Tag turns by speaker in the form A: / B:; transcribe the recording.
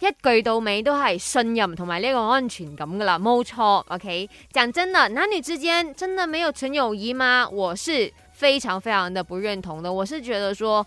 A: 一句到尾都係信任同埋呢個安全感噶啦，冇錯。OK，講真的，男女之間真的沒有純友誼嗎？我是非常非常的不認同的。我是覺得說。